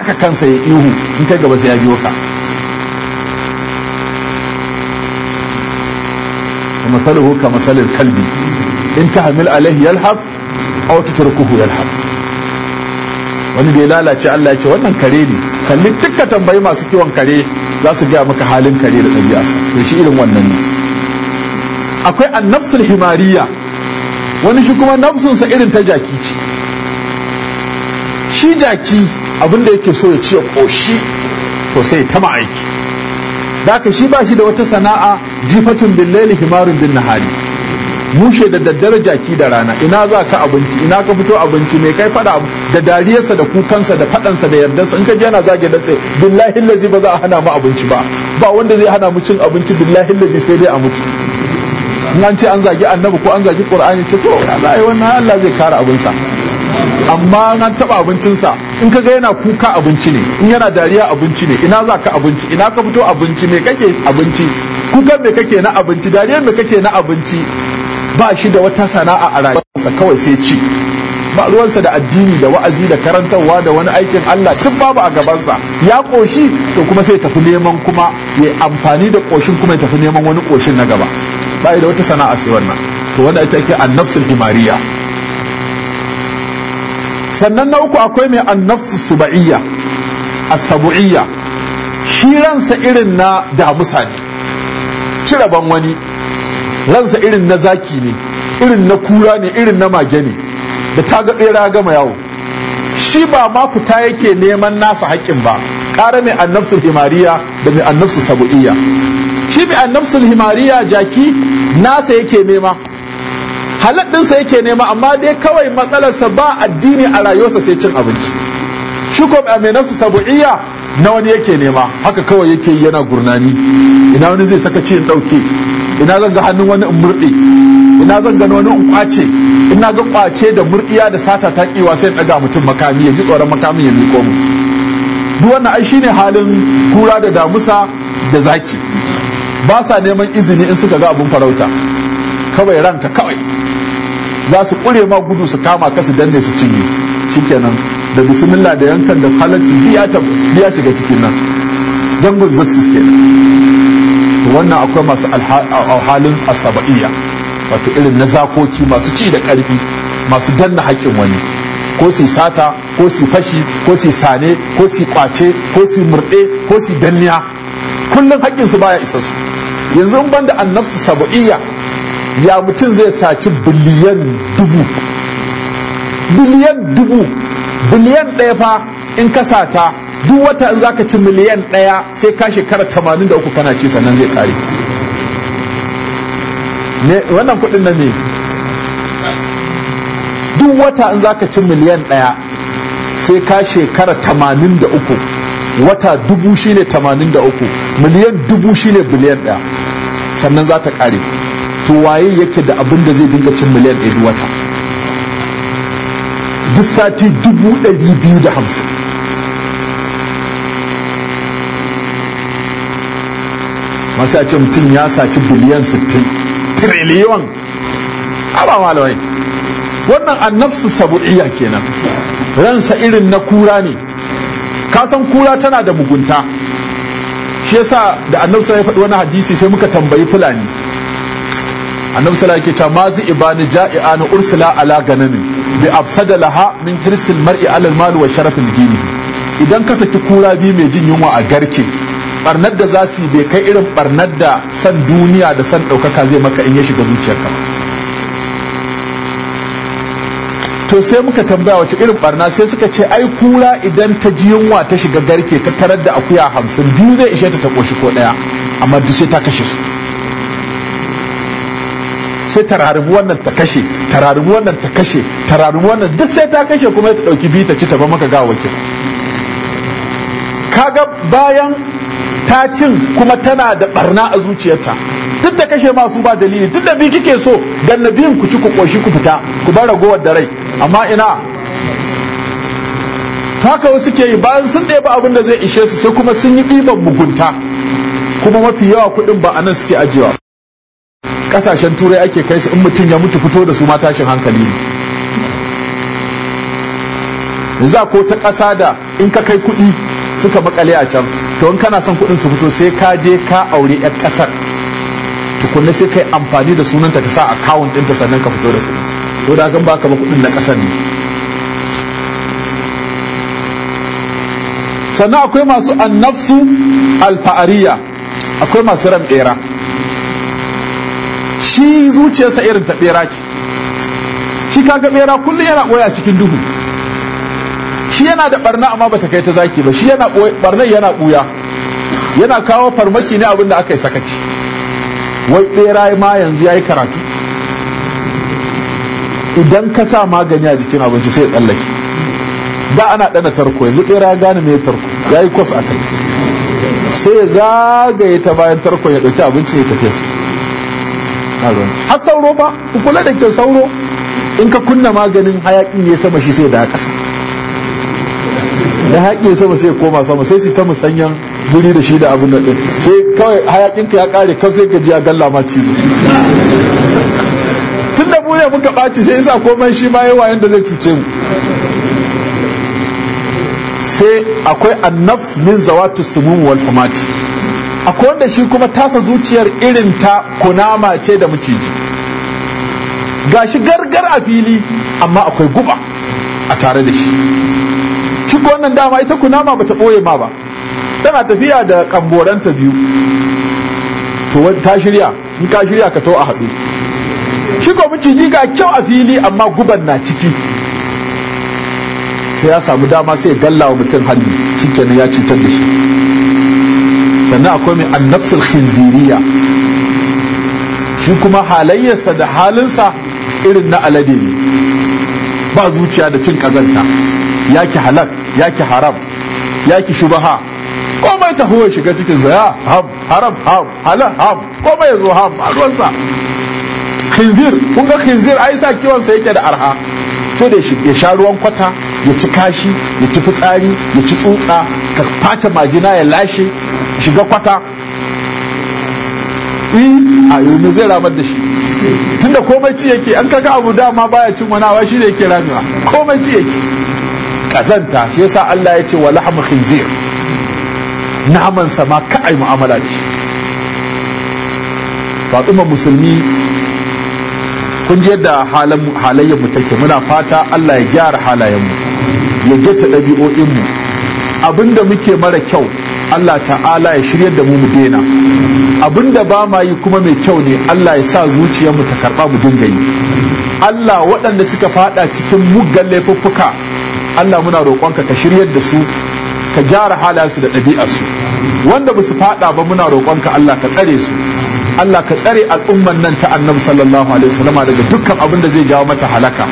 aka kansa ya ihu in ta gaba sai ya biyo ka masaluhu ka masalin kalbi in ta hamil alaihi yalhab a wata turkuhu wani da ya lalace Allah ya ce wannan kare ne kalli dukkan tambayi masu kiwon kare za su gaya maka halin kare da ɗabi'arsa to shi irin wannan ne akwai annafsul himariya wani shi kuma nafsunsa irin ta jaki ce shi jaki abin da yake so ya ci ya koshi to sai ta ma'aiki da shi ba shi da wata sana'a jifatun bin laili himarun bin nahari mushe da daddare jaki da rana ina za ka abinci ina ka fito abinci mai kai fada da dariyarsa da kukansa da fadansa da yardansa in ka ji yana zage datse billahi lazi ba za a hana mu abinci ba ba wanda zai hana mu cin abinci billahi lazi sai dai a mutu in an ce an zagi annabi ko an zagi qur'ani ce to a yi wannan Allah zai kare abinsa amma an taba abincinsa in ka ga yana kuka abinci ne in yana dariya abinci ne ina za ka abinci ina ka fito abinci me kake abinci kukan me kake na abinci dariya me kake na abinci ba shi da wata sana'a a rayuwarsa kawai sai ci ba ruwansa da addini da wa'azi da karantarwa da wani aikin Allah tun babu a gabansa ya koshi to kuma sai tafi neman kuma ya amfani da koshin kuma ya tafi neman wani koshin na gaba ba da wata sana'a sai wannan to wanda ita ake annafsul himariya sannan na uku akwai mai annafsu suba'iyya a sabuiyya shi ransa irin na damusa ne cire ban wani ransa irin na zaki ne irin na kura ne irin na mage ne da ta ga tsera gama yawo shi ba ma fita yake neman nasa haƙƙin ba ƙara mai annafsul himariya da mai annafsul sabu'iyya shi mai annafsul himariya jaki nasa yake nema halal dinsa yake nema amma dai kawai matsalarsa ba addini a rayuwarsa sai cin abinci shi ko eh, mai nafsu sabu'iyya na wani yake nema haka kawai yake yana gurnani ina wani zai saka ci in ina zan ga hannun wani in murɗe ina zan gani wani in kwace ina ga kwace da murɗiya da sata ta kiwa sai in ɗaga mutum makami ya ji tsoron makamin ya miko mu duk wannan ai shine halin kura da damusa da zaki ba sa neman izini in suka ga abun farauta kawai ranka kawai za su ƙure ma gudu su kama kasu danne su cinye shikenan da bismillah da yankan da halacci biya shiga cikin nan jungle justice wannan akwai masu alhalin asaba'iyya wato irin na zakoki masu ci da karfi masu danna haƙƙin wani ko su sata ko su fashi ko su sane ko su kwace ko su murɗe ko su danniya kullum haƙƙinsu baya isa su yanzu in banda annafsu saba'iyya ya mutum zai saci biliyan dubu biliyan dubu biliyan ɗaya fa in ka sata duk wata in zaka ci miliyan ɗaya sai ka shekara tamanin da uku kana ci sannan zai kare wannan kuɗin na ne duk wata in zaka ci miliyan ɗaya sai ka shekara tamanin da uku wata dubu shine tamanin da uku miliyan dubu shine biliyan ɗaya sannan za ta kare to waye yake da abin da zai dinga cin miliyan ɗaya wata duk sati dubu ɗari biyu da hamsin masu a ce mutum ya saci biliyan sittin triliyon aba malawai wannan annafsu sabu'iyya kenan ransa irin na kura ne kasan kura tana da mugunta shi yasa da annabsa ya faɗi wani hadisi sai muka tambayi fulani annabi sallallahu alaihi wasallam mazi ibani ja'i'an ursila ala ganani bi afsada laha min hirsil mar'i ala al-mal wa sharafil dini idan ka saki kura bi mai jin yunwa a garke barnar da za su bai kai irin barnar da san duniya da san ɗaukaka zai maka in ya shiga zuciyarka to sai muka tambaya wace irin barna sai suka ce ai kura idan ta ji yunwa ta shiga garke ta tarar da akuya hamsin biyu zai ishe ta ta koshi ko ɗaya amma duk sai ta kashe su sai ta wannan ta kashe ta wannan ta kashe ta wannan duk sai ta kashe kuma ta dauki biyu ta ci ta ba maka wakil kaga bayan ta cin kuma tana da barna a zuciyarta duk da kashe masu ba dalili duk da bi kike so dan nabiyin ku ci ku koshi ku fita ku bar ragowar da rai amma ina haka wasu ke yi bayan sun ɗebi abin da zai ishe su sai kuma sun yi ɗiban mugunta kuma mafi yawa kuɗin ba a nan suke ajiyewa kasashen turai ake kai su in mutum ya mutu fito da su ma tashin hankali ne za ko ta ƙasa da in ka kai kuɗi suka makale a can to in kana son kuɗin su fito sai ka je ka aure 'yan ƙasar tukunna sai kai amfani da sunanta ka sa akawun ɗinta sannan ka fito da kuɗi to da gan baka ba kuɗin na ƙasar ne sannan akwai masu annafsu alfa'ariya akwai masu ran shi zuciyarsa irin ta bera ce shi kaga bera kullum yana boye a cikin duhu shi yana da barna amma bata kai ta zaki ba shi yana barna yana buya yana kawo farmaki ne abinda aka yi sakaci wai bera ma yanzu yayi karatu idan ka sa magani a jikin abinci sai ya tsallake da ana dana tarko yanzu bera ya gane me tarko yayi a akai sai zagaye ta bayan tarko ya ɗauki abinci ya tafi har sauro ba ku kula da kyau sauro in ka kunna maganin hayakin ya sama shi sai da kasa da hayakin sama sai koma sama sai su ta musanyan guri da shi da abin nan sai kawai hayakin ka ya kare kawai sai ka a galla ma cizo tun da mu muka ɓaci sai yasa komai shi ma yawa yanda zai cuce mu sai akwai annafs min zawatu sumum wal akwai wanda shi kuma tasa zuciyar irin ta kunama ce da maciji shi gargar a fili amma akwai guba a tare da shi shi ko wannan dama ita kunama bata ɓoye ma ba tana tafiya da kamboranta biyu to ta shirya in ka shirya ka to a haɗu shi ko maciji ga kyau a fili amma guban na ciki sai ya samu dama sai ya gallawa mutum hannu shikenan ya cutar da shi sannan akwai mai annafsul khinziriya shi kuma halayyarsa da halinsa irin na alade ne ba zuciya da cin kazanta ya ki halak ya ki haram ya ki shubaha komai taho ya shiga cikin zaya ham haram ham halal ham komai ya zo ham a ruwansa khinzir kun ga khinzir ai sa kiwonsa yake da arha so da ya sha ruwan kwata ya ci kashi ya ci fitsari ya ci tsutsa ka fata majina ya lashe shiga kwata in eh, a yomi eh, zai ramar da shi tunda komai ci yake an kaka abu dama baya cin wani awa shi ne yake ramewa komai ci yake kazanta shi yasa Allah ya ce wa lahmu khinzir naman sa ma ka mu'amala da shi Fatima musulmi kun ji yadda halayen mu take muna fata Allah ya gyara halayen mu ya jata ɗabi'o'in mu abinda muke mara kyau Allah ta'ala ya shiryar da mu mu daina abinda ba ma yi kuma mai kyau ne Allah ya sa zuciyar mu ta karba mu dinga yi Allah waɗanda suka fada cikin muggan laifuffuka Allah muna roƙonka ka shiryar da su ka gyara halayensu da su wanda ba su fada ba muna roƙonka Allah ka tsare su Allah ka tsare al'ummar nan ta annabi sallallahu alaihi wasallam daga dukkan abin da zai jawo mata halaka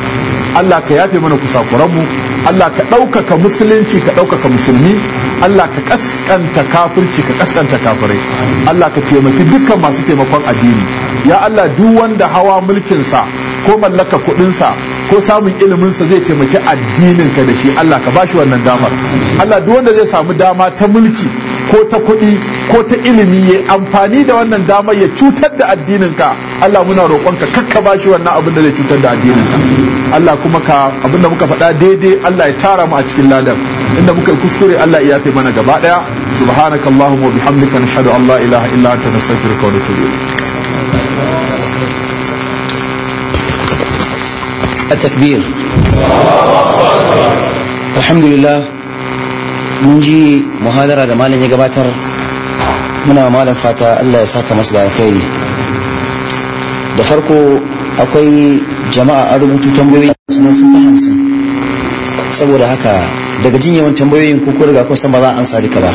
Allah ka yafe mana kusakuranmu Allah ka ɗaukaka musulunci ka ɗaukaka musulmi Allah ka kaskanta kafirci ka kaskanta kafirai Allah ka taimaki dukkan masu taimakon addini ya Allah duk wanda hawa mulkinsa ko mallaka kuɗinsa ko samun iliminsa zai taimaki addinin ka da shi Allah ka bashi wannan damar Allah duk wanda zai samu dama ta mulki ko ta kuɗi ko ta ilimi ya amfani da wannan damar ya cutar da addinin ka Allah muna ka kakka bashi wannan abin da zai cutar da addininka Allah kuma ka abin muka faɗa daidai Allah ya tara mu a cikin ladan inda muka yi kuskure Allah ya fi mana gaba daya subhanakallahumma wa bihamdika nashhadu an la ilaha illa anta nastaghfiruka wa natubu التكبير الحمد لله mun ji muhadara da malam ya gabatar muna malam fata Allah ya saka masu da alkhairi da farko akwai jama'a a rubutu tambayoyi sun hamsin saboda haka daga jin yawan tambayoyin ko ko daga kun ba za a ansa duka ba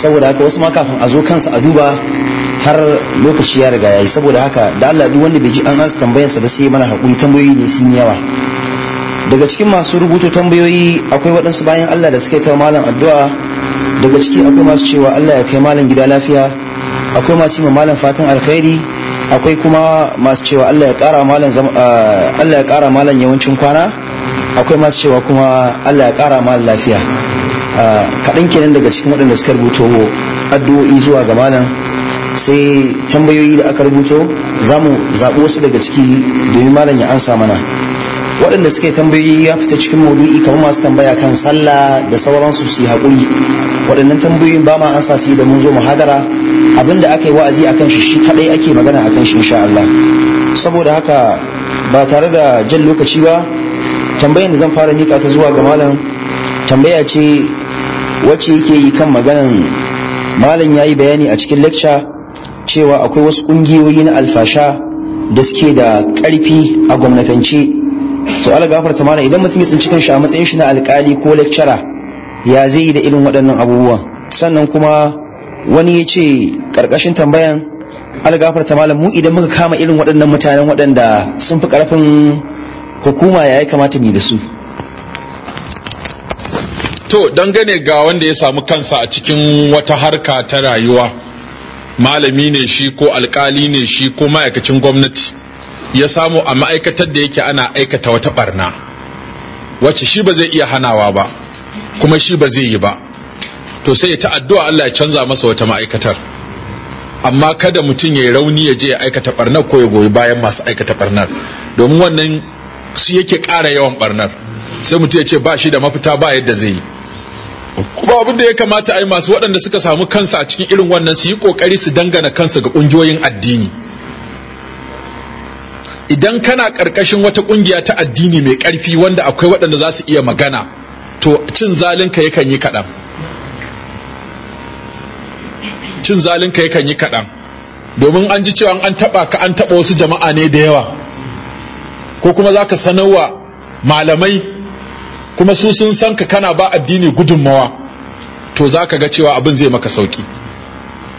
saboda haka wasu ma kafin a zo kansa a duba har lokaci ya riga yayi saboda haka da Allah duk wanda bai ji an ansa tambayarsa ba sai mana hakuri tambayoyi ne sun yawa daga cikin masu rubutu tambayoyi akwai waɗansu bayan Allah da suka yi ta malam addu'a daga ciki akwai masu cewa Allah ya kai malam gida lafiya akwai masu yi malam fatan alkhairi akwai kuma masu cewa Allah ya ƙara malam ah, Allah ya ƙara malam yawancin kwana akwai masu cewa kuma allah ya kara ma lafiya kaɗan kenan daga cikin waɗanda suka rubuto addu'o'i zuwa ga malam sai tambayoyi da aka rubuto zamu mu zaɓi wasu daga ciki domin malam ya ansa mana waɗanda suka yi tambayoyi ya fita cikin maudu'i kamar masu tambaya kan sallah da sauransu su yi haƙuri waɗannan tambayoyin ba ma ansa su da mun zo muhadara abinda aka yi wa'azi akan shi shi kaɗai ake magana akan shi insha Allah saboda haka ba tare da jan lokaci ba tambayan da zan fara mika ta zuwa ga malam tambaya ce wacce yake yi kan maganan malam ya yi bayani a cikin lecture cewa akwai wasu ƙungiyoyi na alfasha da suke da ƙarfi a gwamnatance to ala gafarta malam idan mutum ya tsinci kanshi a matsayin shi na alƙali ko lecturer ya zai yi da irin waɗannan abubuwan sannan kuma wani ya ce ƙarƙashin tambayan ala ta malam mu idan muka kama irin waɗannan mutanen waɗanda sun fi ƙarfin hukuma ya kamata mai da su to don gane ga wanda ya samu kansa a cikin wata harka ta rayuwa malami ne shi ko alkali ne shi ko ma'aikacin gwamnati ya samu a ma'aikatar da yake ana aikata wata barna wacce shi ba zai iya hanawa ba kuma shi ba zai yi ba to sai ya ta Allah ya canza masa wata ma'aikatar amma kada mutum ya yi rauni ya je ya aikata barnar ko ya goyi bayan masu aikata barnar domin wannan su yake ƙara yawan barnar sai mutum ya ce ba shi da mafita ba yadda zai yi kuma abin da ya kamata a yi masu waɗanda suka samu kansa a cikin irin wannan su yi ƙoƙari su dangana kansa ga ƙungiyoyin addini idan kana ƙarƙashin wata ƙungiya ta addini mai ƙarfi wanda akwai waɗanda za su iya magana to cin zalinka yakan yi kaɗan cin zalinka yakan yi kaɗan domin an ji cewa an taɓa ka an taɓa wasu jama'a ne da yawa ko kuma za ka sanarwa malamai kuma su sun san ka kana ba addini gudunmawa to za ka ga cewa abin zai maka sauki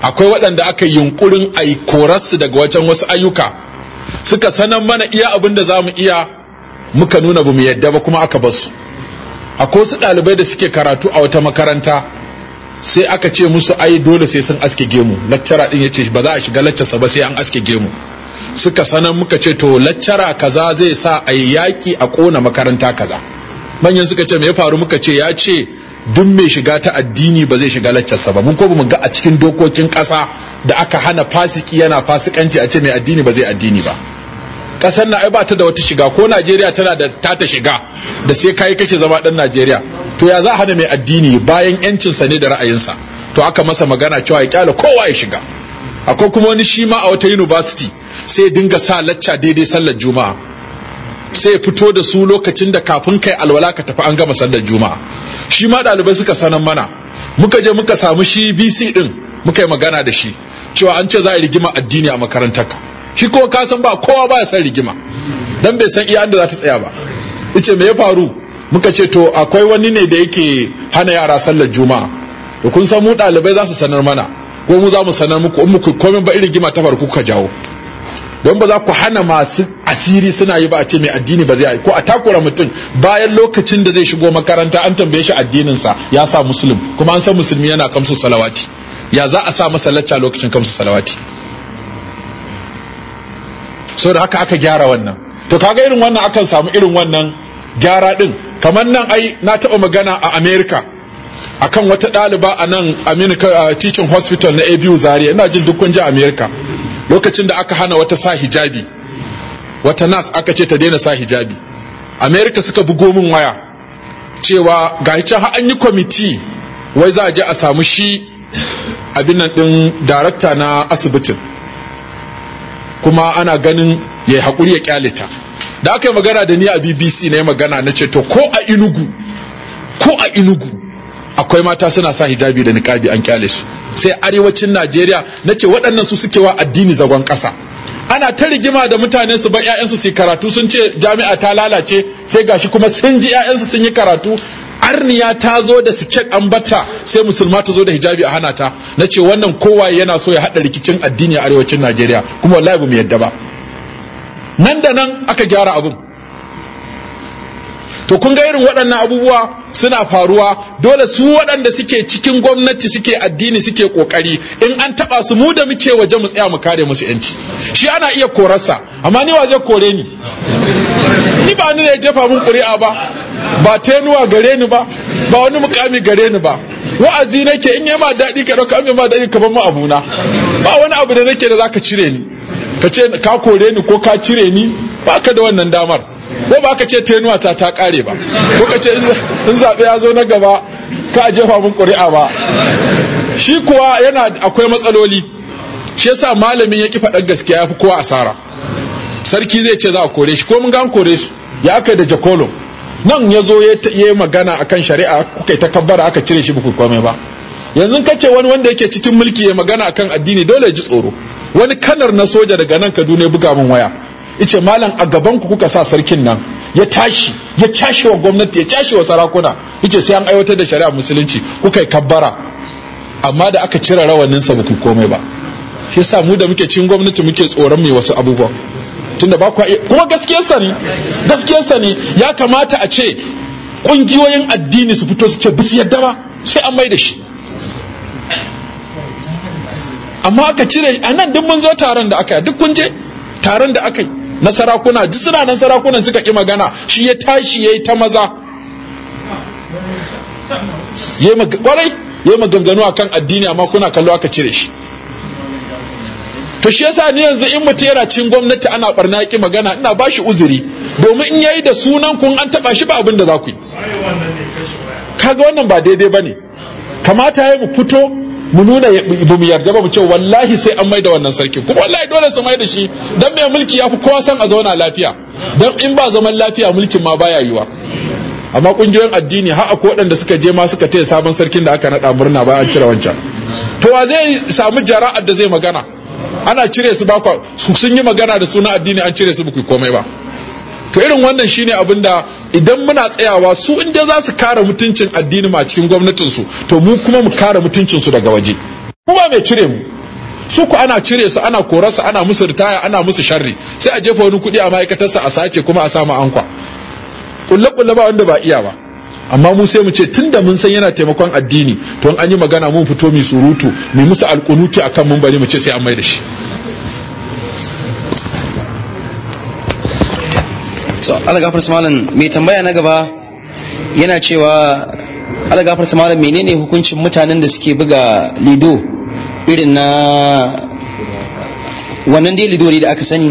akwai waɗanda aka yi yunkurin a yi korarsu daga wajen wasu ayyuka suka sanar mana iya abin da za mu iya muka nuna ba mu yadda ba kuma aka basu akwai wasu ɗalibai da suke karatu a wata makaranta sai aka ce musu ai dole sai sun aske gemu lakcara din yace ba za a shiga laccarsa ba sai an aske gemu suka sanan muka ce to laccara kaza zai sa a yi yaƙi a ƙona makaranta kaza manyan suka ce me ya faru muka ce ya ce duk mai shiga ta addini ba zai shiga laccarsa ba mun ko mu ga a cikin dokokin ƙasa da aka hana fasiki yana fasikanci a ce mai addini ba zai addini ba ƙasar na ai ba ta da wata shiga ko Najeriya tana da tata shiga da sai kai kake zama dan Najeriya to ya za hana mai addini bayan yancinsa ne da ra'ayinsa to aka masa magana cewa ya kyale kowa ya shiga akwai kuma wani shi ma a wata university sai dinga sa lacca daidai sallar juma'a sai fito da su lokacin da kafin kai alwala ka tafi an gama sallar juma'a shi ma ɗalibai suka sanan mana muka je muka samu shi bc din muka yi magana da shi cewa an ce za a rigima addini a makarantar ka shi ko ka san ba kowa ba ya san rigima dan bai san iya inda za ta tsaya ba yace me ya faru muka ce to akwai wani ne da yake hana yara sallar juma'a to kun san mu ɗalibai za su sanar mana ko mu za mu sanar muku in muku komai ba irin gima ta farko ka jawo don ba za ku hana masu asiri suna yi ba a ce mai addini ba zai yi ko a takura mutum bayan lokacin da zai shigo makaranta an tambaye shi addininsa ya sa musulun kuma an san musulmi yana kamsu salawati ya za a sa masa lacca lokacin kamsu salawati so da haka aka gyara wannan to kaga irin wannan akan samu irin wannan gyara din kamar nan ai na taɓa magana a america akan wata ɗaliba a nan aminu teaching hospital na abu zaria ina jin duk kun ji america lokacin da aka hana wata sa hijabi wata nas aka ce ta daina sa hijabi Amerika suka bugo min waya cewa ga can an yi kwamiti wai za a je a samu shi abin nan din darakta na asibitin kuma ana ganin ya yi haƙuri ya kyale ta da aka yi magana da ni a bbc na yi magana na ce to ko a inugu ko a inugu akwai mata suna sa hijabi da niƙabi an kyale su sai arewacin najeriya na ce waɗannan su suke wa addini zagon ƙasa ana ta rigima da mutane su bar yayan su karatu sun ce jami'a ta lalace sai gashi kuma sun ji su sun yi karatu arniya ta zo da siket an bata sai musulma ta zo da hijabi a hana ta na ce wannan kowa yana so ya haɗa rikicin addini a arewacin najeriya kuma wallahi ba mu yadda ba nan da nan aka gyara abun. to kun ga irin waɗannan abubuwa suna faruwa dole su waɗanda suke cikin gwamnati suke addini suke kokari in an taba su mu da muke waje mu tsaya mu kare musu yanci shi ana iya korarsa amma ni wa zai kore ni ni ba ni ne jefa mun ƙuri'a ba ba tenuwa gare ni ba ba wani mukami gare ni ba wa'azi nake in yi ma daɗi ka ɗauka ma daɗi ka ban mu abuna ba wani abu da nake da zaka cire ni ka ce ka kore ni ko ka cire ni ba ka da wannan damar ko ba ka ce tenuwa ta ta kare ba ko ka ce in zaɓe ya zo na gaba ka jefa mun ƙuri'a ba shi kuwa yana akwai matsaloli shi yasa malamin ya ki faɗar gaskiya ya fi kowa asara sarki zai ce za a kore shi ko mun gan kore su ya aka da jakolo nan ya zo ya yi magana akan shari'a kuka ta kabbara aka cire shi bukukuwa mai ba yanzu ka ce wani wanda yake cikin mulki ya magana akan addini dole ya ji tsoro wani kanar na soja daga nan kaduna ya buga min waya ice malam a gaban ku kuka sa sarkin nan ya tashi ya cashe wa gwamnati ya cashe wa sarakuna ice sai an aiwatar da shari'a musulunci kuka yi kabbara amma da aka cire rawanin sa ku komai ba shi yasa mu da muke cin gwamnati muke tsoron mai wasu abubuwa tunda ba ku kuma gaskiyar sa ne gaskiyar sa ne ya kamata a ce kungiyoyin addini su fito su ce bisu yadda ba sai an mai da shi amma aka cire anan duk mun zo taron da aka yi duk kun je taron da aka yi na sarakuna duk suna nan sarakunan suka ƙi magana shi ya tashi ya yi ta maza kwarai ya yi maganganu akan addini amma kuna kallo aka cire shi to shi yasa ni yanzu in mutum yana cin gwamnati ana barna ya ƙi magana ina ba shi uzuri domin in yayi da sunan kun an taɓa shi ba abin da za ku yi kaga wannan ba daidai ba ne kamata ya mu fito mu nuna ba mu yarda ba mu ce wallahi sai an mai da wannan sarkin kuma wallahi dole su da shi dan mai mulki ya fi kowa san a zauna lafiya dan in ba zaman lafiya mulkin ma baya yiwa amma kungiyoyin addini har akwai waɗanda suka je ma suka taya sabon sarkin da aka naɗa murna bayan cire wancan to wa zai samu jara'ar da zai magana ana cire su bakwa sun yi magana da sunan addini an cire su ba komai ba to irin wannan shine abin da idan muna tsayawa su inda za su kare mutuncin addini ma cikin gwamnatinsu to mu kuma mu kare mutuncinsu daga waje kuma mai cire mu su ku ana cire su ana korarsa ana musu ritaya ana musu sharri sai a jefa wani kuɗi a ma'aikatarsa a sace kuma a samu ankwa kulle kulle ba wanda ba iya ba amma mu sai mu ce tun da mun san yana taimakon addini to an yi magana mun fito mu surutu mu musu alƙunuki akan mun bari mu ce sai an mai da shi to algafar malam mai tambaya na gaba yana cewa algafar malam menene hukuncin mutanen da suke buga lido irin na wannan dai lido ne da aka sani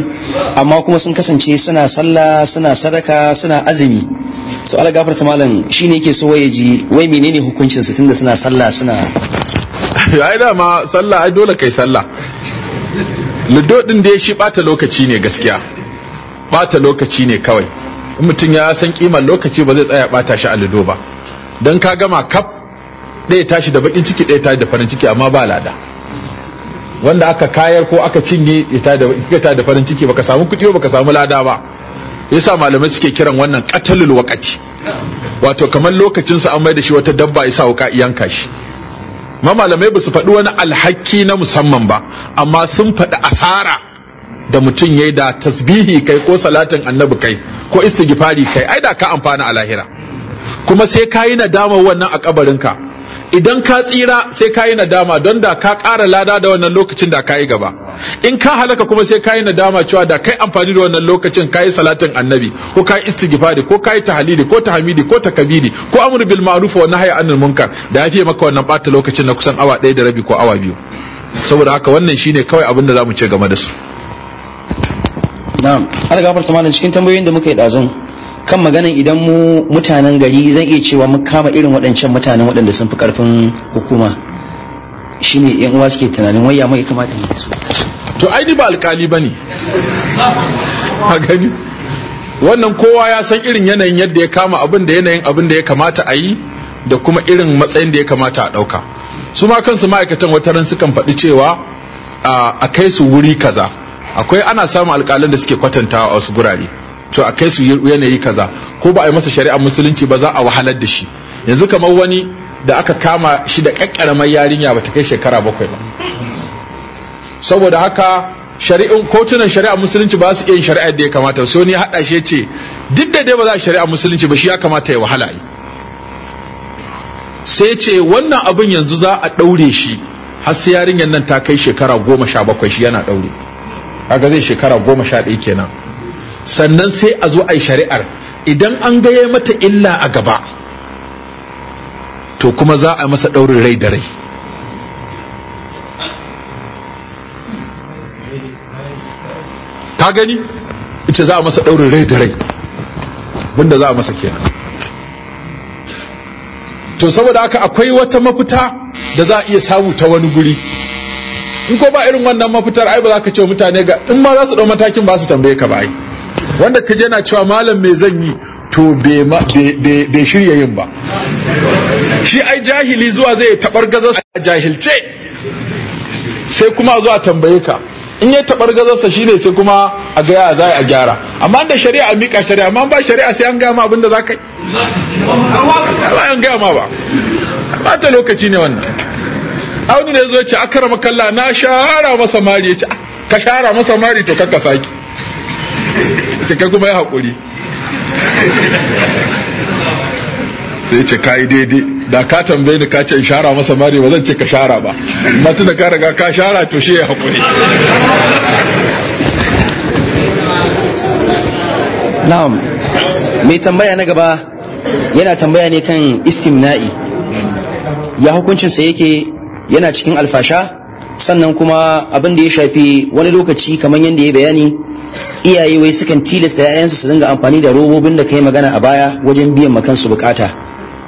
amma kuma sun kasance suna sallah suna sadaka suna azumi to algafar malam shine yake so ya ji wai menene hukuncin su tunda suna sallah suna ai dama sallah ai dole kai sallah lido din dai shi bata lokaci ne gaskiya bata lokaci ne kawai in mutum ya san kimar lokaci ba zai tsaya bata shi a lido ba don ka gama kaf ɗaya tashi da bakin ciki ɗaya tashi da farin ciki amma ba lada wanda aka kayar ko aka cinye ya tashi da farin ciki baka samu kuɗi baka samu lada ba yasa malamai suke kiran wannan qatalul wakati. wato kamar lokacin sa an mai da shi wata dabba yasa wuka yanka shi ma malamai ba su faɗi wani alhaki na musamman ba amma sun faɗi asara da mutum ya yi da tasbihi kai ko salatin annabi kai ko istighfari kai ai da ka amfana a lahira kuma sai ka yi nadama wannan a kabarinka idan ka tsira sai ka yi nadama don da ka ƙara lada da wannan lokacin da ka yi gaba in ka halaka kuma sai ka yi nadama cewa da kai amfani da wannan lokacin ka yi salatin annabi ko ka yi istighfari ko ka yi tahalili ko tahmidi ko takabidi ko amru bil ma'ruf wa nahyi anil munkar da yafi maka wannan bata lokacin na kusan awa ɗaya da rabi ko awa biyu saboda haka wannan shine kawai abin da zamu ce game da su na'am ana gafar samanin cikin tambayoyin da muka yi dazun kan maganan idan mu mutanen gari zan iya cewa mu kama irin waɗancan mutanen waɗanda sun fi ƙarfin hukuma shine yan uwa suke tunanin waya mai kamata ne su to ai ni ba alkali bane a gani wannan kowa ya san irin yanayin yadda ya kama abin da yanayin abin da ya kamata a yi da kuma irin matsayin da ya kamata a ɗauka su ma kansu ma'aikatan wataran sukan faɗi cewa a kai su wuri kaza akwai ana samun alƙalan da suke kwatantawa a wasu gurare to a kai su yanayi kaza ko ba a yi masa shari'ar musulunci ba za a wahalar da shi yanzu kamar wani da aka kama shi da ƙaƙƙaramar yarinya ba ta kai shekara bakwai ba saboda haka shari'un kotunan shari'ar musulunci ba su iya yin shari'ar da ya kamata sai wani haɗa shi ce duk da dai ba za a shari'ar musulunci ba shi ya kamata ya wahala yi sai ce wannan abin yanzu za a ɗaure shi har sai yarinyar nan ta kai shekara goma sha bakwai shi yana ɗaure kaga zai shekara goma sha ɗaya kenan sannan sai a zo a yi shari'ar idan an gaya mata illa a gaba to kuma za a masa ɗaurin rai da rai ta gani ita za a masa ɗaurin rai da rai wanda za a masa kenan to saboda haka akwai wata mafita da za a iya samu ta wani guri in ko ba irin wannan mafitar ai ba za ka ce mutane ga in ma za su ɗau matakin ba su tambaye ka ba ai wanda ka je na cewa malam me zan yi to bai shirya yin ba shi ai jahili zuwa zai tabar gazar a jahilce sai kuma zuwa tambaye ka in ya tabar sa shine sai kuma a gaya za a gyara amma da shari'a a mika shari'a amma ba shari'a sai an gaya ma abinda za ka yi ba an gaya ma ba ba ta lokaci ne wannan auni ne zo ce akarama na shara masa mari ya ce ah, ka shara masa mari to kakka saki ce kai kuma ya haƙuri sai ce ka yi daidai da ka tambaye ni ka ce in shara masa mari ba zan ce ka shara ba amma da ka riga ka shara to shi ya haƙuri na'am mai tambaya na gaba yana tambaya ne kan istimna'i ya hukuncinsa yake yana cikin alfasha sannan kuma abin da ya shafi wani lokaci kamar yadda ya bayani iyaye wai sukan tilasta 'ya'yansu su dinga amfani da robobin da kai magana a baya wajen biyan makansu bukata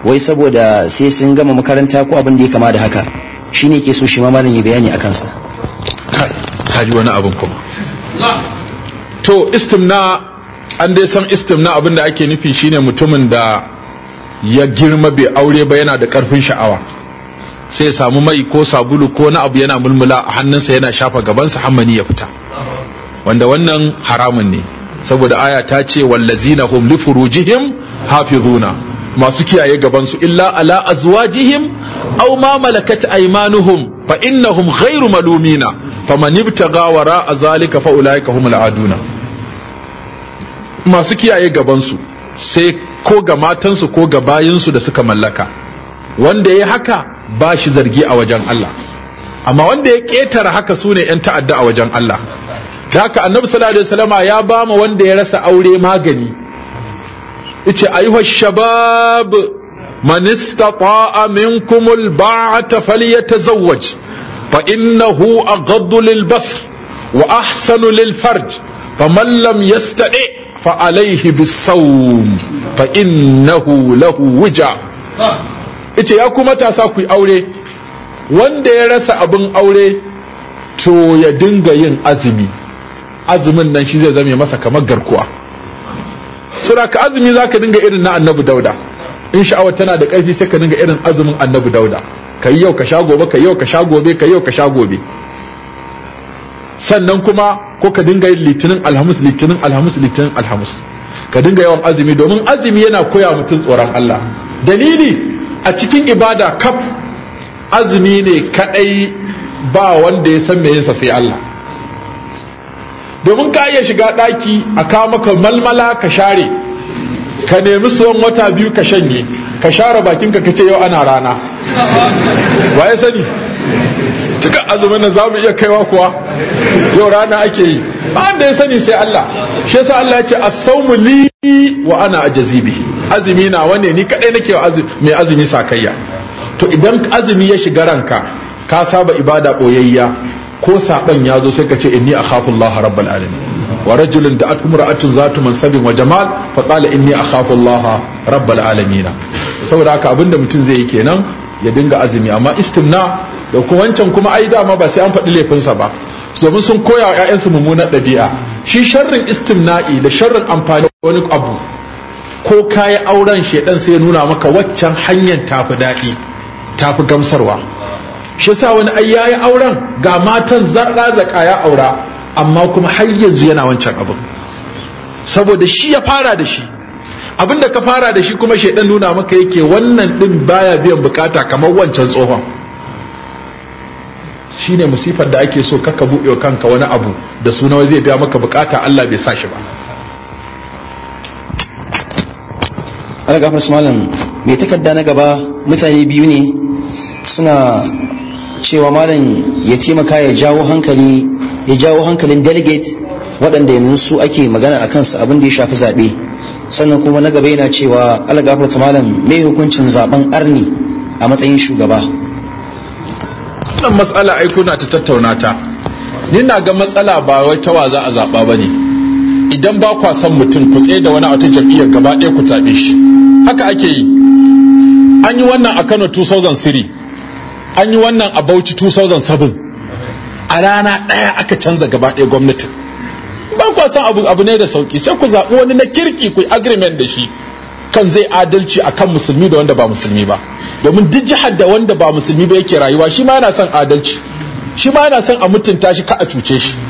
wai saboda sai sun gama makaranta ko abin da ya kama da haka shine ke so shi ma malam ya bayani a kansa haji wani abin kuma to istimna an dai san istimna abin da ake nufi shine mutumin da ya girma bai aure ba yana da karfin sha'awa sai ya samu mai ko sabulu ko na abu yana mulmula a hannunsa yana shafa gabansa hammani ya fita wanda wannan haramun ne saboda aya ta ce wallazina hum li furujihim hafizuna masu kiyaye gabansu illa ala azwajihim aw ma malakat aymanuhum fa innahum ghairu malumina faman ibtaga wara zalika fa ulaika humul aduna masu kiyaye gabansu sai ko ga matansu ko ga bayinsu da suka mallaka wanda ya haka ba shi zargi a wajen Allah amma wanda ya ƙetara haka su ne 'yan ta'adda a wajen Allah da haka annabi sallallahu alaihi wasallama ya ba ma wanda ya rasa aure magani yace ayuha shabab man istata'a minkum alba'ata falyatazawwaj fa innahu aghaddu lilbasr wa ahsanu lilfarj faman lam yastati fa alayhi bisawm fa innahu lahu wija ice ya kuma matasa ku yi aure wanda ya rasa abin aure to ya dinga yin azumi azumin nan shi zai zame masa kamar garkuwa sura ka azumi za ka dinga irin na annabi dauda in sha'awa tana da ƙarfi sai ka dinga irin azumin annabi dauda ka yi yau ka sha gobe ka yau ka sha gobe ka yau ka sha gobe sannan kuma ko ka dinga yin litinin alhamis litinin alhamis litinin alhamis ka dinga yawan azumi domin azumi yana koya mutum tsoron Allah dalili a cikin ibada kaf azumi ne kadai ba wanda ya san me yinsa sai Allah domin ka iya shiga daki a kawo maka malmala ka share ka nemi tsohon wata biyu ka shanye ka share bakinka ka ce yau ana rana wa ya sani cika azumin na za mu iya kaiwa kuwa yau rana ake yi ba da ya sani sai Allah shi yasa Allah ya ce as-sawmu li wa ana ajzibihi azumi na wane ni kadai nake mai azumi sakayya to idan azumi ya shiga ranka ka saba ibada boyayya ko saban ya zo sai ka ce inni akhafullaha rabbal alamin wa rajulun da atmura'atun zatu mansabin wa jamal fa qala inni akhafullaha rabbal alamin saboda haka abinda mutum zai yi kenan ya dinga azumi amma istimna da kuma wancan kuma ai dama ba sai an faɗi laifinsa ba domin sun koya wa 'ya'yansu mummunar ɗabi'a shi sharrin istimna'i da sharrin amfani wani abu ko kayi auren shedan sai ya nuna maka waccan hanyar tafi daɗi tafi gamsarwa shi sa wani ai yayi auren ga matan zarra zaka ya aura amma kuma har yanzu yana wancan abin saboda shi ya fara da shi abin da ka fara da shi kuma shedan nuna maka yake wannan din baya biyan bukata kamar wancan tsohon shine musifar da ake so kaka buɗe kanka wani abu da suna zai biya maka bukata Allah bai sa shi ba ana malam mai takarda na gaba mutane biyu ne suna cewa malam ya taimaka ya jawo hankali ya jawo hankalin delegate waɗanda yanzu su ake magana a kansu abin da ya shafi zaɓe sannan kuma na gaba yana cewa algafar malam mai hukuncin zaben arni a matsayin shugaba wannan matsala aiko na ta tattauna ta ni na ga matsala ba wai ta wa za a zaɓa ba ne idan ba kwa son mutum ku tsaye da wani a jam'iyyar gaba ɗaya ku taɓe shi haka ake yi an yi wannan a kano 2003 an yi wannan a bauchi 2007 a rana ɗaya aka canza gaba ɗaya gwamnatin ba kwa son abu ne da sauki sai ku zaɓi wani na kirki ku agreement da shi kan zai adalci a kan musulmi da wanda ba musulmi ba domin duk jihar da wanda ba musulmi ba yake rayuwa shi ma yana son adalci shi ma yana son a mutunta shi ka a cuce shi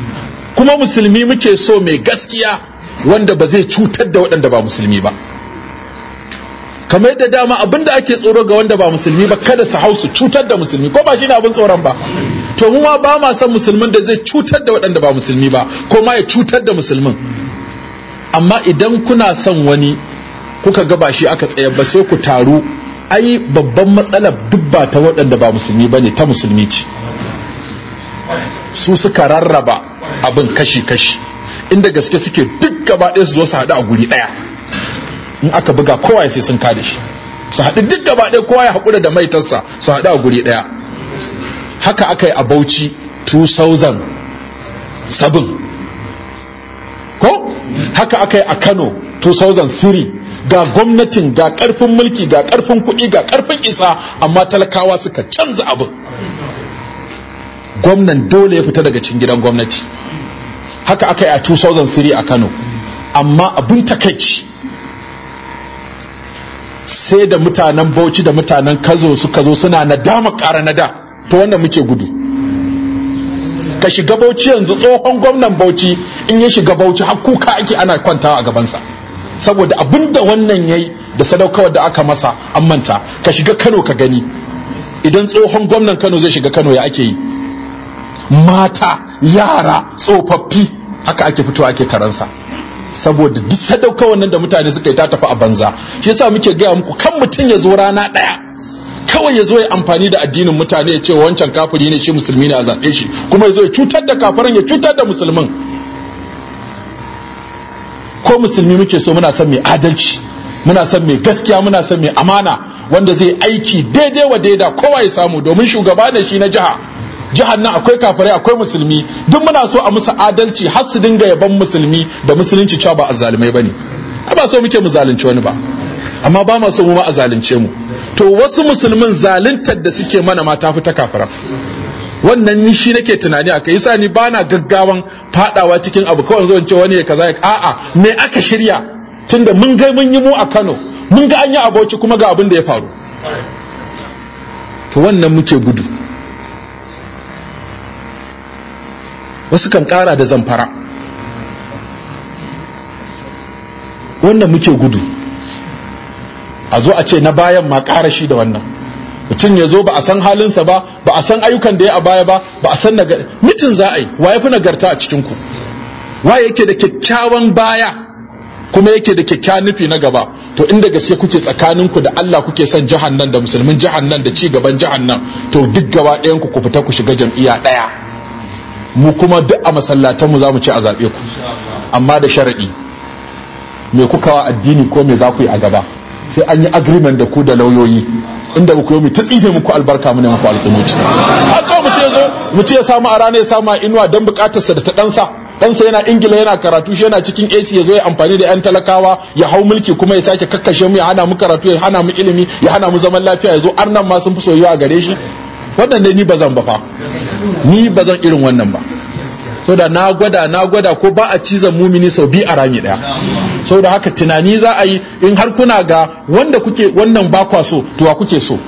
kuma musulmi muke so mai gaskiya wanda ba zai cutar da waɗanda ba musulmi ba kamar yadda dama abin da ake tsoro ga wanda ba musulmi ba kada su hau su cutar da musulmi ko ba shi ne abin tsoron ba to mu ma ba ma san musulmin da zai cutar da waɗanda ba musulmi ba ko ma ya cutar da musulmin amma idan kuna son wani kuka ga ba shi aka tsaya ba sai ku taru ai babban matsala duk ba ta waɗanda ba musulmi ba ne ta musulmi ce su suka rarraba abin kashi-kashi inda gaske suke duk gaba ɗaya su zo su haɗu a guri ɗaya in aka buga kowa sai sun kada shi su haɗu duk gaba ɗaya kowa ya haƙura da maitarsa su haɗu a guri ɗaya haka aka yi a bauchi 2007 ko haka aka yi a kano 2003 ga gwamnatin ga ƙarfin mulki ga ƙarfin kuɗi ga ƙarfin isa amma talakawa suka canza abin gwamnan dole ya fita daga cikin gidan gwamnati haka aka yi a 2003 a kano amma abin takaici sai da mutanen bauchi da mutanen kazo suka zo suna nadama kara na da ta wanda muke gudu ka shiga bauchi yanzu tsohon gwamnan bauchi in ya shiga bauchi har kuka ake ana kwantawa a gabansa saboda abin da wannan ya yi da sadaukarwar da aka masa an manta ka shiga kano ka gani idan tsohon gwamnan kano zai shiga kano ya ake yi mata yara tsofaffi haka ake fito ake taransa saboda duk sadauka wannan da mutane suka yi ta tafi a banza shi yasa muke gaya muku kan mutum ya zo rana ɗaya kawai ya zo ya amfani da addinin mutane ya ce wancan kafiri ne shi musulmi ne a zaɓe shi kuma ya zo ya cutar da kafirin ya cutar da musulmin ko musulmi muke so muna son mai adalci muna son mai gaskiya muna son mai amana wanda zai aiki daidai wa daida kowa ya samu domin shugaba ne shi na jiha jihar nan akwai kafirai akwai musulmi duk muna so a musu adalci har su dinga yaban musulmi da musulunci cewa ba azzalumai bane ba so muke mu zalunci wani ba amma ba ma so mu ma a zalunce mu to wasu musulmin zaluntar da suke mana ma ta fi ta kafara. wannan ni shi nake tunani a kai yasa ni bana gaggawan fadawa cikin abu kawai zo ce wani ya kaza ya a'a me aka shirya tunda mun ga mun yi mu a Kano mun ga an yi aboki kuma ga abin da ya faru to wannan muke gudu wasu kan kara da zamfara wannan muke gudu a zo a ce na bayan ma kara shi da wannan mutum ya zo ba a san halinsa ba ba a san ayyukan da ya a baya ba ba a san nagar mitin za a yi wa ya fi nagarta a cikin ku wa yake da kyakkyawan baya kuma yake da kyakkyawan nufi na gaba to inda gaske kuke tsakanin ku da Allah kuke son nan da musulmin nan da ci gaban nan to duk gaba ɗayan ku ku fita ku shiga jam'iyya ɗaya mu kuma duk a masallatanmu za mu ci a zaɓe ku amma da sharaɗi me kuka wa addini ko me za ku yi a gaba sai an yi agreement da ku da lauyoyi inda ku yomi ta tsife muku albarka mu ne muku an haka mu ce zo mu ce samu a rana ya samu a inuwa don sa da ta ɗansa ɗansa yana ingila yana karatu shi yana cikin ac ya zo ya amfani da 'yan talakawa ya hau mulki kuma ya sake kakkashe mu ya hana mu karatu ya hana mu ilimi ya hana mu zaman lafiya ya zo arnan ma sun fi soyuwa a gare shi waɗanda ni ba zan ba fa ni ba zan irin wannan ba so da na gwada na gwada ko ba a cizon mumini sau biyu a rami ɗaya so da haka tunani za a yi in har kuna ga wanda kuke wannan ba kwa so to wa kuke so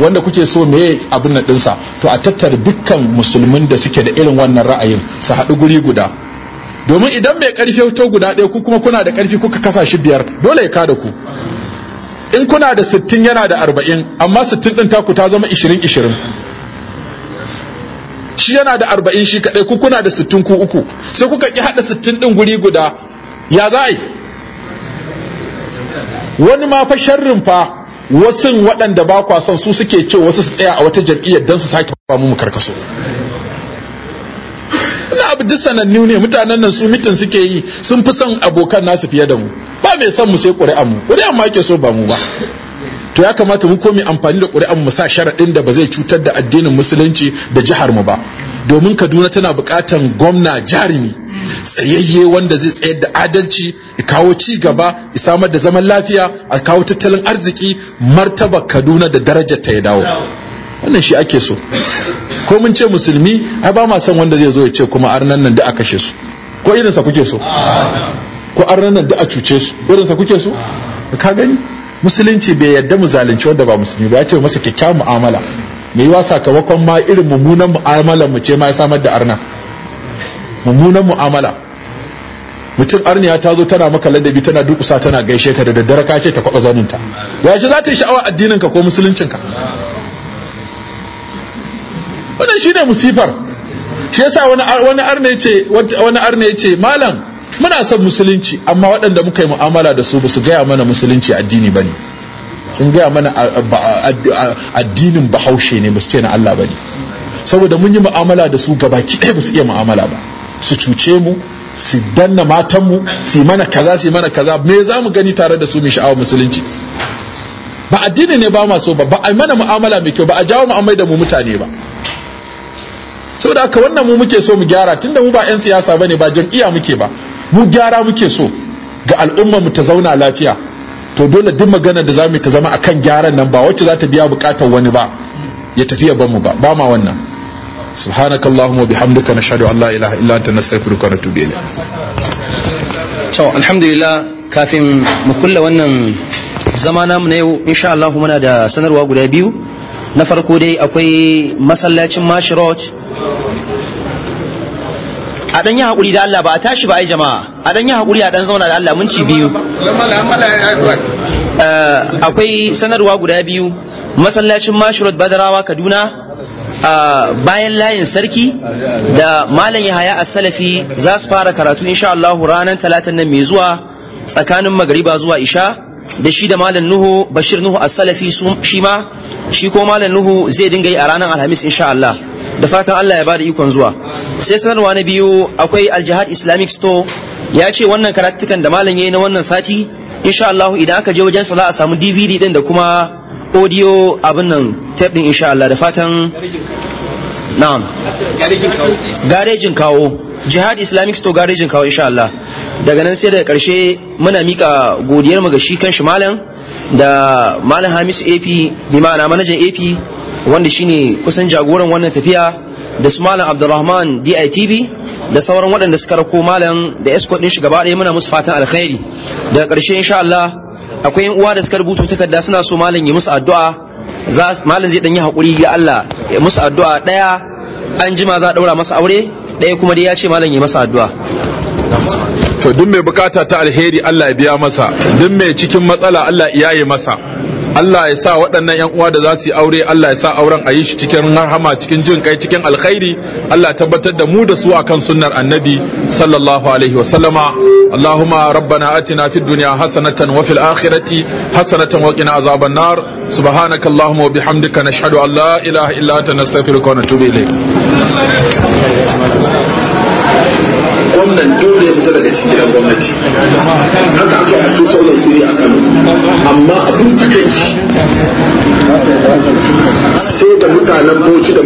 wanda kuke so me abin nan ɗinsa to a tattara dukkan musulmin da suke da irin wannan ra'ayin su haɗu guri guda domin idan mai ƙarfi ya guda ɗaya ku kuma kuna da ƙarfi kuka kasa shi biyar dole ya kada ku in kuna da sittin yana da arba'in amma sittin ɗin taku ta zama ishirin ishirin shi yana da arba'in shi kaɗai ku kuna da sittin ku uku sai kuka ki haɗa sittin ɗin guri guda ya za a yi wani ma fa sharrin fa wasu waɗanda ba kwa son su suke ce wasu su tsaya a wata jam'iyyar don su sake ba mu karkaso ina abu duk sanannu ne mutanen nan su mitin suke yi sun fi son abokan nasu fiye da mu ba mai san mu sai ƙuri'an mu ƙuri'an ma ake so ba mu ba to ya kamata mu komi amfani da ƙuri'an mu sa sharaɗin da ba zai cutar da addinin musulunci da jihar mu ba domin Kaduna tana buƙatan gwamna jarumi tsayayye wanda zai tsayar da adalci ya kawo ci gaba ya samar da zaman lafiya a kawo tattalin arziki martaba Kaduna da darajar ta ya dawo wannan shi ake so ko mun ce musulmi ai ba ma son wanda zai zo ya ce kuma arnan nan da aka kashe su ko irinsa kuke so ko an ranar da a cuce su irinsa kuke su ka gani musulunci bai yadda mu zalunci wanda ba musulmi ba ya ce masa kyakkyawan mu'amala me yiwa sakamakon ma irin mummunan mu'amalar mu ce ma ya samar da arna mummunan mu'amala mutum arniya ta zo tana maka ladabi tana dukusa tana gaishe ka da daddare ka ce ta kwaba zaninta ya ce za ta yi sha'awar addinin ka ko musuluncin ka wannan shine musifar shi yasa wani wani ya ce ce malam muna son musulunci amma waɗanda muka yi mu'amala da su ba su gaya mana musulunci addini ba ne sun gaya mana addinin bahaushe ne ba su ce na Allah ba ne saboda mun yi mu'amala da su gabaki ɗaya ba su iya mu'amala ba su cuce mu su danna matanmu su mana kaza su mana kaza me za mu gani tare da su mai sha'awar musulunci ba addini ne ba ma so ba ba a mana mu'amala mai kyau ba a jawo amai da mu mutane ba saboda haka wannan mu muke so mu gyara tunda mu ba 'yan siyasa bane ba jam'iyya muke ba mu gyara muke so ga al'umma mu ta zauna lafiya to dole duk maganar da zamu ta zama akan gyaran nan ba wacce za ta biya bukatar wani ba ya tafiya ban mu ba ba ma wannan subhanakallahumma bihamdika nashhadu an la ilaha illa anta nastaghfiruka wa natubu ilayk alhamdulillah kafin mu kulla wannan zama namu na yau insha Allah muna da sanarwa guda biyu na farko dai akwai masallacin mashrot a dan yi hakuri da Allah ba a tashi ba ai jama'a a dan yi hakuri a dan zauna da Allah minti biyu eh, akwai sanarwa guda biyu masallacin mashurut badarawa kaduna eh, bayan layin sarki da malam yahaya as-salafi za su fara karatu insha Allah ranar talatan nan mai zuwa tsakanin magariba zuwa isha da shi da malam nuhu bashir nuhu as-salafi shi ma shi ko malam nuhu zai dinga yi a ranar alhamis insha Allah da fatan Allah ya bada ikon zuwa sai sanarwa na biyu akwai al-jihad islamic store ya ce wannan karatukan da malam yayi na wannan sati insha Allah idan aka je wajen sa za a samu DVD din da kuma audio abin nan tape din insha Allah da fatan na'am garejin kawo jihad islamic store garejin kawo insha Allah daga nan sai daga karshe muna mika godiyar mu ga shi kan malam da malam Hamisu AP bi ma'ana manajan AP wanda shine kusan jagoran wannan tafiya da su malam Abdulrahman DITB da sauran waɗanda suka rako malam da escort din shi gaba ɗaya muna musu fatan alkhairi daga karshe insha Allah akwai yan uwa da suka rubuta takarda suna so malam ya musu addu'a malam zai dan yi hakuri ga Allah ya musu addu'a daya an jima za a daura masa aure ɗaya kuma dai ya ce malam yi masa addu'a to duk mai bukata ta alheri Allah ya biya masa duk mai cikin matsala Allah ya yi masa Allah ya sa waɗannan yan uwa da za su yi aure Allah ya sa auren a yi shi cikin rahama cikin jin kai cikin alkhairi Allah ya tabbatar da mu da su akan sunnar annabi sallallahu alaihi wa sallama Allahumma rabbana atina fid dunya hasanatan wa fil akhirati hasanatan wa qina azaban nar subhanaka allahumma wa bihamdika nashhadu an la ilaha illa anta nastaghfiruka wa natubu ilayk gwamnan dole ya fita daga cikin gidan gwamnati haka aka yi a sauran siri a kano amma abin takaici sai da mutanen bauchi da